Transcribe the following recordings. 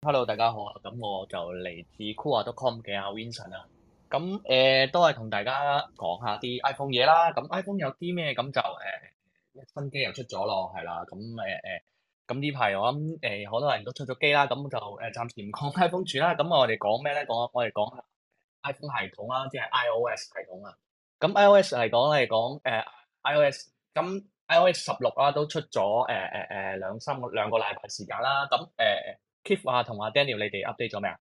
Hello，大家好啊！咁我就嚟自 cool.com 嘅啊 Vincent 啊，咁誒都係同大家講下啲 iPhone 嘢啦。咁 iPhone 有啲咩？咁就誒新機又出咗咯，係啦。咁誒誒，咁呢排我諗誒好多人都出咗機啦，咁就誒暫時唔講 iPhone 住啦。咁我哋講咩咧？講我哋講下 iPhone 系統啦，即係 iOS 系統啊。咁 iOS 嚟講嚟講誒 iOS 咁。iOS 十六啊，都出咗誒誒誒兩三個兩個禮拜時間啦。咁誒，Kev 啊同阿 Daniel，你哋 update 咗未啊？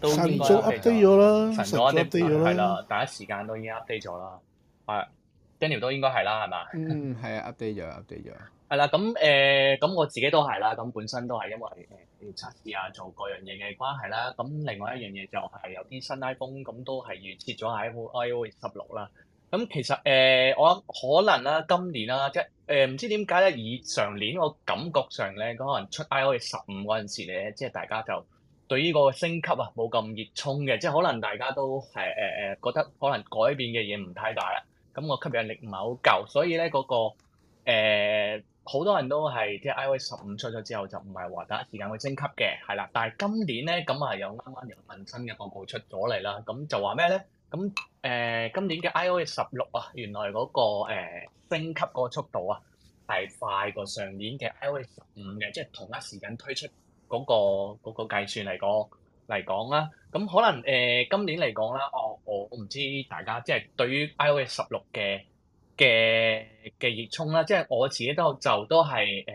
都應該 update 咗啦，晨早 update 咗啦。係啦，第一時間都已經 update 咗啦。係，Daniel 都應該係啦，係嘛、嗯嗯？嗯，係啊，update 咗，update 咗。係啦、嗯，咁、呃、誒，咁我自己都係啦。咁本身都係因為誒、呃、要測試啊，做各樣嘢嘅關係啦。咁、嗯、另外一樣嘢就係有啲新 iPhone 咁，Moi anyway, yeah. s s to, 都係預設咗 iOS 十六啦。250, again 咁其實誒、呃，我可能啦、啊，今年啦、啊，即係誒，唔、呃、知點解咧？以上年我感覺上咧，嗰可能出 iOS 十五嗰陣時咧，即係大家就對呢個升級啊冇咁熱衷嘅，即係可能大家都誒誒誒覺得可能改變嘅嘢唔太大啦，咁、那個吸引力唔係好夠，所以咧嗰、那個好、呃、多人都係即係 iOS 十五出咗之後就唔係話第一時間去升級嘅，係啦。但係今年咧，咁啊剛剛有啱啱有份新嘅報告出咗嚟啦，咁就話咩咧？咁誒，今年嘅 iOS 16啊，原來嗰個誒升級嗰個速度啊，係快過上年嘅 iOS 15嘅，即係同一時間推出嗰個嗰個計算嚟講嚟講啦。咁可能誒今年嚟講啦，我我唔知大家即係對於 iOS 16嘅嘅嘅熱衷啦，即係我自己都就都係誒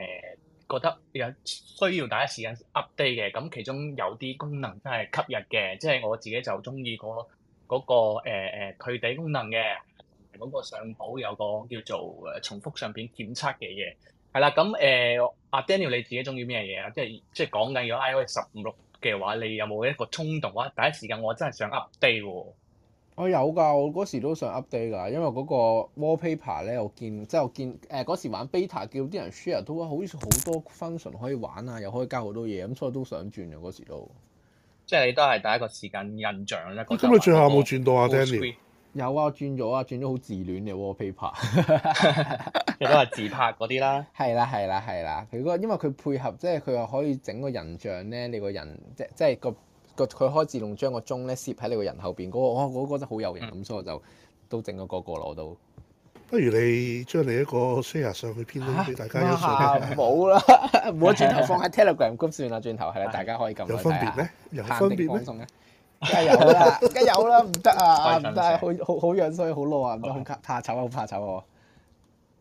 覺得有需要第一時間 update 嘅。咁其中有啲功能真係吸引嘅，即係我自己就鍾意嗰。嗰、那個誒佢哋功能嘅，嗰、那個相簿有個叫做誒重複相片檢測嘅嘢，係啦，咁誒阿 Daniel 你自己中意咩嘢啊？即係即係講緊如果 iOS 十五六嘅話，你有冇一個衝動啊？第一時間我真係想 update 喎。我有㗎，我嗰時都想 update 㗎，因為嗰個 wallpaper 咧，我見即係我見誒嗰、呃、時玩 beta 叫啲人 share 都好似好多 function 可以玩啊，又可以加好多嘢，咁所以都想轉㗎嗰時都。即係你都係第一個時間印象咧。咁、那、你、個、最後有冇轉到啊？Danny 有啊，轉咗啊，轉咗好自戀嘅、啊、paper，即 都係自拍嗰啲啦。係啦、啊，係啦、啊，係啦、啊。如果因為佢配合，即係佢又可以整個人像咧，你個人即即係個個佢可以自動將個鐘咧攝喺你個人後邊嗰、那個，我我覺得好有型咁，所以我就都整咗個個咯，都。不如你將你一個 share 上去編輯俾大家欣賞啦。冇啦，冇啊！轉頭放喺 Telegram group 算啦。轉頭係啦， 大家可以撳？有分別咩？分別有分別咩？梗 有啦，梗有啦！唔得啊，唔得！好好好樣衰，好 low 啊！唔、呃、得，好怕醜啊，好怕醜啊！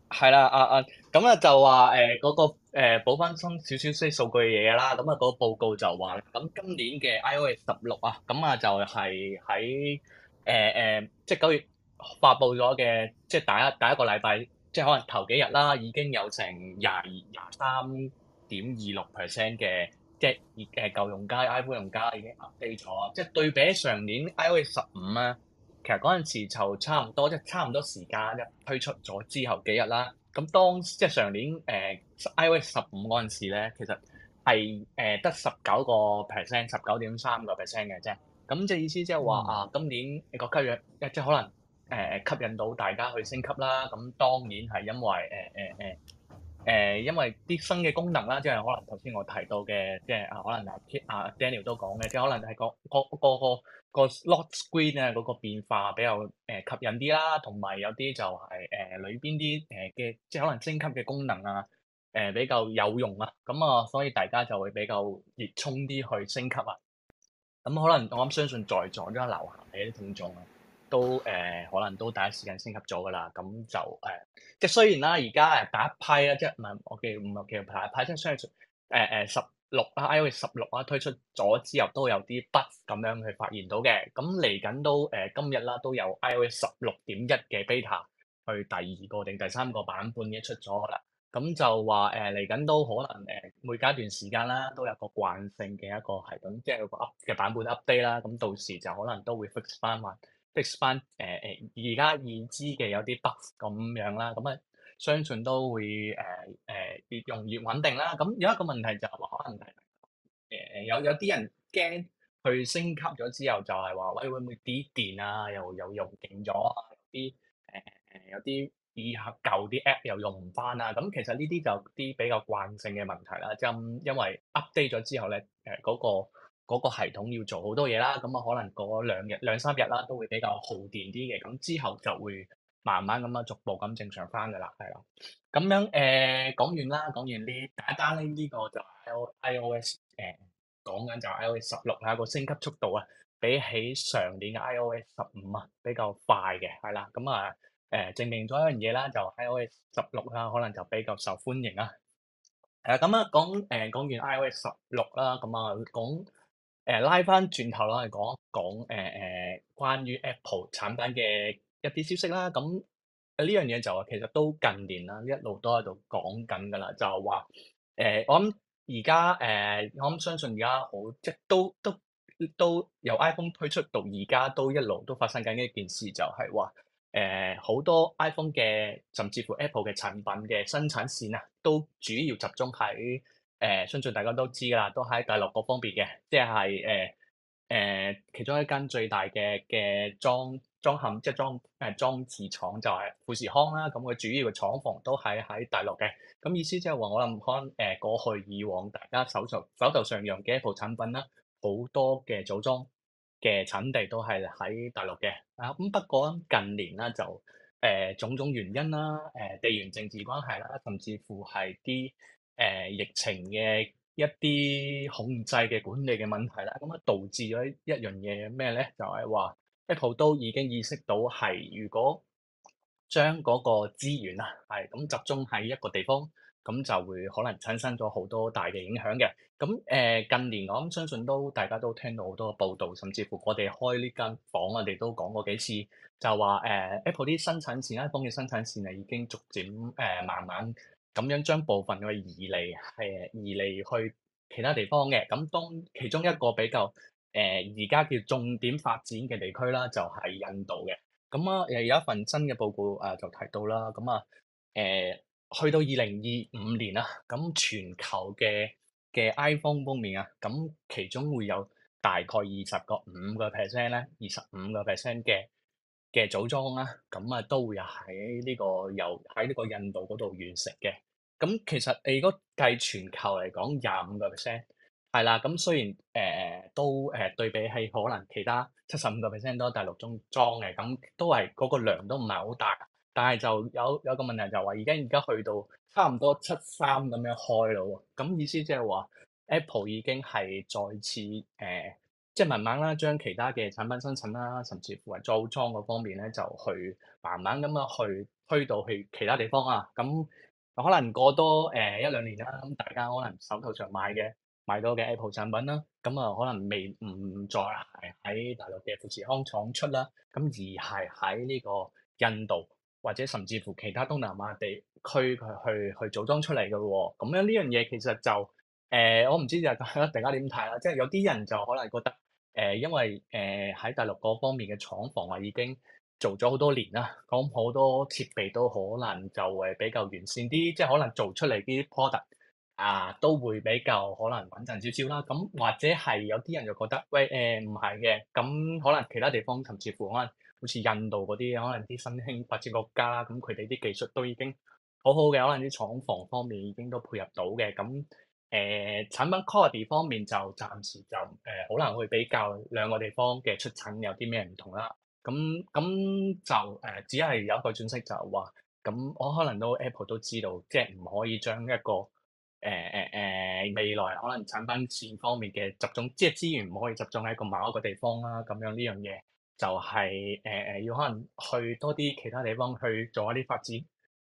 係啦，啊啊，咁啊就話誒嗰個誒補翻新少少些數據嘢啦。咁啊嗰個報告就話咁今年嘅 iOS 十六啊，咁啊就係喺誒誒即係九、呃、月。發布咗嘅，即係第一第一個禮拜，即係可能頭幾日啦，已經有成廿二、廿三點二六 percent 嘅，即係誒舊用家、iPhone 用家已經 update 咗。即係對比上年 iOS 十五啊，其實嗰陣時就差唔多，即係差唔多時間一推出咗之後幾日啦。咁當即係上年誒 iOS 十五嗰陣時咧，其實係誒得十九個 percent，十九點三個 percent 嘅啫。咁即係意思即係話啊，嗯、今年你國家若即係可能，誒誒吸引到大家去升級啦，咁當然係因為誒誒誒誒，因為啲新嘅功能啦，即係可能頭先我提到嘅，即係啊可能阿啊 Daniel 都講嘅，即係可能係個個個個,個 lock screen 啊嗰個變化比較誒、呃、吸引啲啦，同埋有啲就係、是、誒、呃、裏邊啲誒嘅，即係可能升級嘅功能啊，誒、呃、比較有用啊，咁啊，所以大家就會比較熱衷啲去升級啊。咁可能我諗相信在座都係流行嘅一啲聽眾啊。都誒、呃，可能都第一時間升級咗㗎啦。咁就誒、呃，即係雖然啦、啊，而家誒第一批啦，即係唔係我記唔係記錯，第一批即係雙月十六啦 iOS 十六啦，推出咗之後都有啲 bug 咁樣去發現到嘅。咁嚟緊都誒、呃、今日啦，都有 iOS 十六點一嘅 beta 去第二個定第三個版本嘅出咗啦。咁就話誒嚟緊都可能誒、呃、每隔一段時間啦，都有個慣性嘅一個系統，即、就、係、是、個 up 嘅版本 update 啦。咁到時就可能都會 fix 翻或。fix 翻誒誒而家已知嘅有啲 bug 咁樣啦，咁啊相信都會誒誒、呃呃、越用越穩定啦。咁、啊嗯、有一個問題就話可能誒、呃、有有啲人驚去升級咗之後就係話，喂，會唔會啲電啊又有用勁咗？啊？啲、啊、誒、嗯啊啊、有啲以前舊啲 app 又用唔翻啊？咁、嗯、其實呢啲就啲比較慣性嘅問題啦。就是、因為 update 咗之後咧誒嗰個。嗰個系統要做好多嘢啦，咁啊可能嗰兩日兩三日啦，都會比較耗電啲嘅，咁之後就會慢慢咁樣逐步咁正常翻嘅啦，係啦。咁樣誒講、呃、完啦，講完呢第一單呢呢、呢個就係 I O S 誒、呃、講緊就 I O S 十六啊個升級速度啊，比起上年嘅 I O S 十五啊比較快嘅，係啦，咁啊誒證明咗一樣嘢啦，就 I O S 十六啊可能就比較受歡迎啦。係啦。誒咁啊講誒講完 I O S 十六、啊、啦，咁啊講。誒、呃、拉翻轉頭啦，嚟講講誒誒關於 Apple 產品嘅一啲消息啦。咁呢樣嘢就其實都近年啦，一路都喺度講緊㗎啦。就係話我諗而家誒，我諗、呃、相信而家好，即係都都都、都由 iPhone 推出到而家都一路都發生緊一件事，就係話誒好多 iPhone 嘅甚至乎 Apple 嘅產品嘅生產線啊，都主要集中喺。誒相信大家都知㗎啦，都喺大陸嗰方面嘅，即係誒誒其中一間最大嘅嘅裝裝焊即係裝誒裝置廠就係富士康啦。咁佢主要嘅廠房都係喺大陸嘅。咁意思即係話，我諗可能誒過去以往大家手頭手頭上用嘅一部產品啦，好多嘅組裝嘅產地都係喺大陸嘅。啊咁不過近年啦就誒、呃、種種原因啦，誒、呃、地緣政治關係啦，甚至乎係啲。誒、呃，疫情嘅一啲控制嘅管理嘅問題啦，咁啊導致咗一樣嘢咩咧？就係、是、話 Apple 都已經意識到係如果將嗰個資源啊，係咁、嗯、集中喺一個地方，咁就會可能產生咗好多大嘅影響嘅。咁誒、呃，近年我諗相信都大家都聽到好多嘅報道，甚至乎我哋開呢間房，我哋都講過幾次，就話誒、呃、，Apple 啲生產線，iPhone 嘅生產線啊，已經逐漸誒、呃、慢慢。咁樣將部分嘅移嚟，係移嚟去其他地方嘅。咁當其中一個比較誒，而、呃、家叫重點發展嘅地區啦，就係印度嘅。咁啊，誒有一份新嘅報告啊，就提到啦。咁啊，誒、呃、去到二零二五年啦，咁全球嘅嘅 iPhone 方面啊，咁其中會有大概二十個五個 percent 咧，二十五個 percent 嘅，嘅組裝啦，咁啊都會喺呢、這個由喺呢個印度嗰度完成嘅。咁其實你如果計全球嚟講，廿五個 percent 係啦。咁雖然誒、呃、都誒、呃、對比係可能其他七十五個 percent 都但係大陸裝嘅，咁都係嗰、那個量都唔係好大。但係就有有個問題就話，而家而家去到差唔多七三咁樣開啦喎。咁意思即係話 Apple 已經係再次誒。呃即係慢慢啦，將其他嘅產品生產啦，甚至乎係組裝嗰方面咧，就去慢慢咁啊，去推到去其他地方啊。咁可能過多誒、呃、一兩年啦，咁大家可能手頭上買嘅買到嘅 Apple 產品啦，咁啊可能未唔再係喺大陸嘅富士康廠出啦，咁而係喺呢個印度或者甚至乎其他東南亞地區去去去組裝出嚟嘅喎。咁樣呢樣嘢其實就誒、呃，我唔知就大家點睇啦。即係有啲人就可能覺得。誒，因為誒喺、呃、大陸嗰方面嘅廠房啊，已經做咗好多年啦，咁好多設備都可能就誒比較完善啲，即係可能做出嚟啲 product 啊，都會比較可能穩陣少少啦。咁或者係有啲人就覺得，喂誒唔係嘅，咁、呃、可能其他地方，甚至乎可能好似印度嗰啲，可能啲新興發展國家啦，咁佢哋啲技術都已經好好嘅，可能啲廠房方面已經都配合到嘅，咁。誒、呃、產品 quality 方面就暫時就誒好、呃、難去比較兩個地方嘅出產有啲咩唔同啦。咁咁就誒、呃、只係有一個轉式，就話咁，我可能都 Apple 都知道，即係唔可以將一個誒誒誒未來可能產品線方面嘅集中，即係資源唔可以集中喺一個某一個地方啦、啊。咁樣呢樣嘢就係誒誒要可能去多啲其他地方去做一啲發展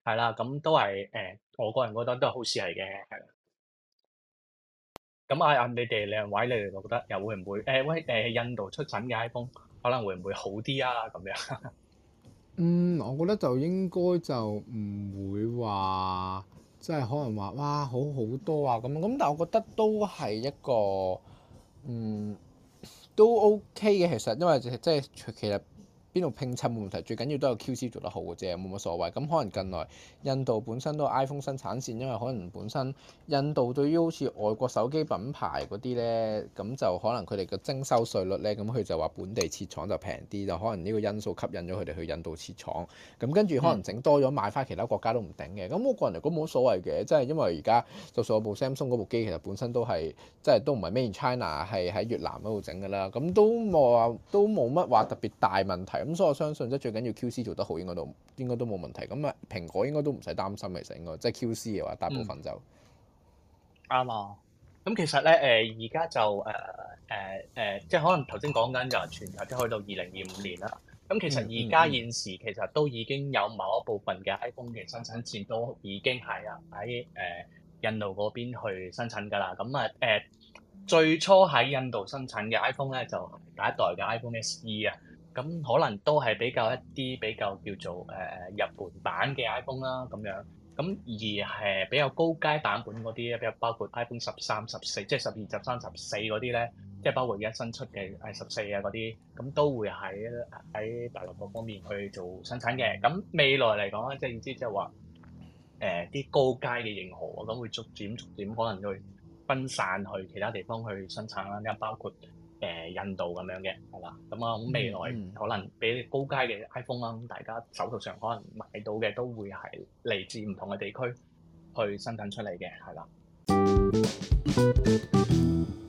係啦。咁都係誒、呃，我個人覺得都係好事嚟嘅。咁啊啊！你哋兩位，你哋覺得又會唔會？誒喂誒，印度出產嘅 iPhone 可能會唔會好啲啊？咁樣，嗯，我覺得就應該就唔會話，即係可能話哇，好好多啊咁。咁但係我覺得都係一個，嗯，都 OK 嘅。其實因為即係其實。邊度拼襯冇問題，最緊要都係 QC 做得好嘅啫，冇乜所謂。咁可能近來印度本身都 iPhone 生產線，因為可能本身印度對於好似外國手機品牌嗰啲咧，咁就可能佢哋嘅徵收稅率咧，咁佢就話本地設廠就平啲，就可能呢個因素吸引咗佢哋去印度設廠。咁跟住可能整多咗賣翻其他國家都唔頂嘅。咁我個人嚟講冇所謂嘅，即係因為而家就算我部 Samsung 嗰部機其實本身都係即係都唔係 Made In China 係喺越南嗰度整㗎啦，咁都冇話都冇乜話特別大問題。咁所以我相信即係最緊要 Q.C. 做得好，應該都應該都冇問題。咁啊，蘋果應該都唔使擔心，其實應該即係 Q.C. 嘅話，大部分就啱、嗯嗯呃呃呃、啊。咁其實咧，誒而家就誒誒誒，即係可能頭先講緊就係全球，即去到二零二五年啦。咁其實而家現時其實都已經有某一部分嘅 iPhone 嘅生產線都已經係啊喺誒印度嗰邊去生產㗎啦。咁啊誒最初喺印度生產嘅 iPhone 咧，就第一代嘅 iPhone SE 啊。咁可能都係比較一啲比較叫做誒誒入門版嘅 iPhone 啦，咁樣。咁而係比較高階版本嗰啲咧，包括 iPhone 十三、十四，即係十二、十三、十四嗰啲咧，即係包括而家新出嘅十四啊嗰啲，咁都會喺喺大陸各方面去做生產嘅。咁未來嚟講咧，即係意思即係話誒啲高階嘅型號，咁會逐漸逐漸可能去分散去其他地方去生產啦。咁包括。誒、呃、印度咁樣嘅，係啦。咁啊，嗯、未來可能比高階嘅 iPhone 啊，咁大家手頭上可能買到嘅都會係嚟自唔同嘅地區去生產出嚟嘅，係啦。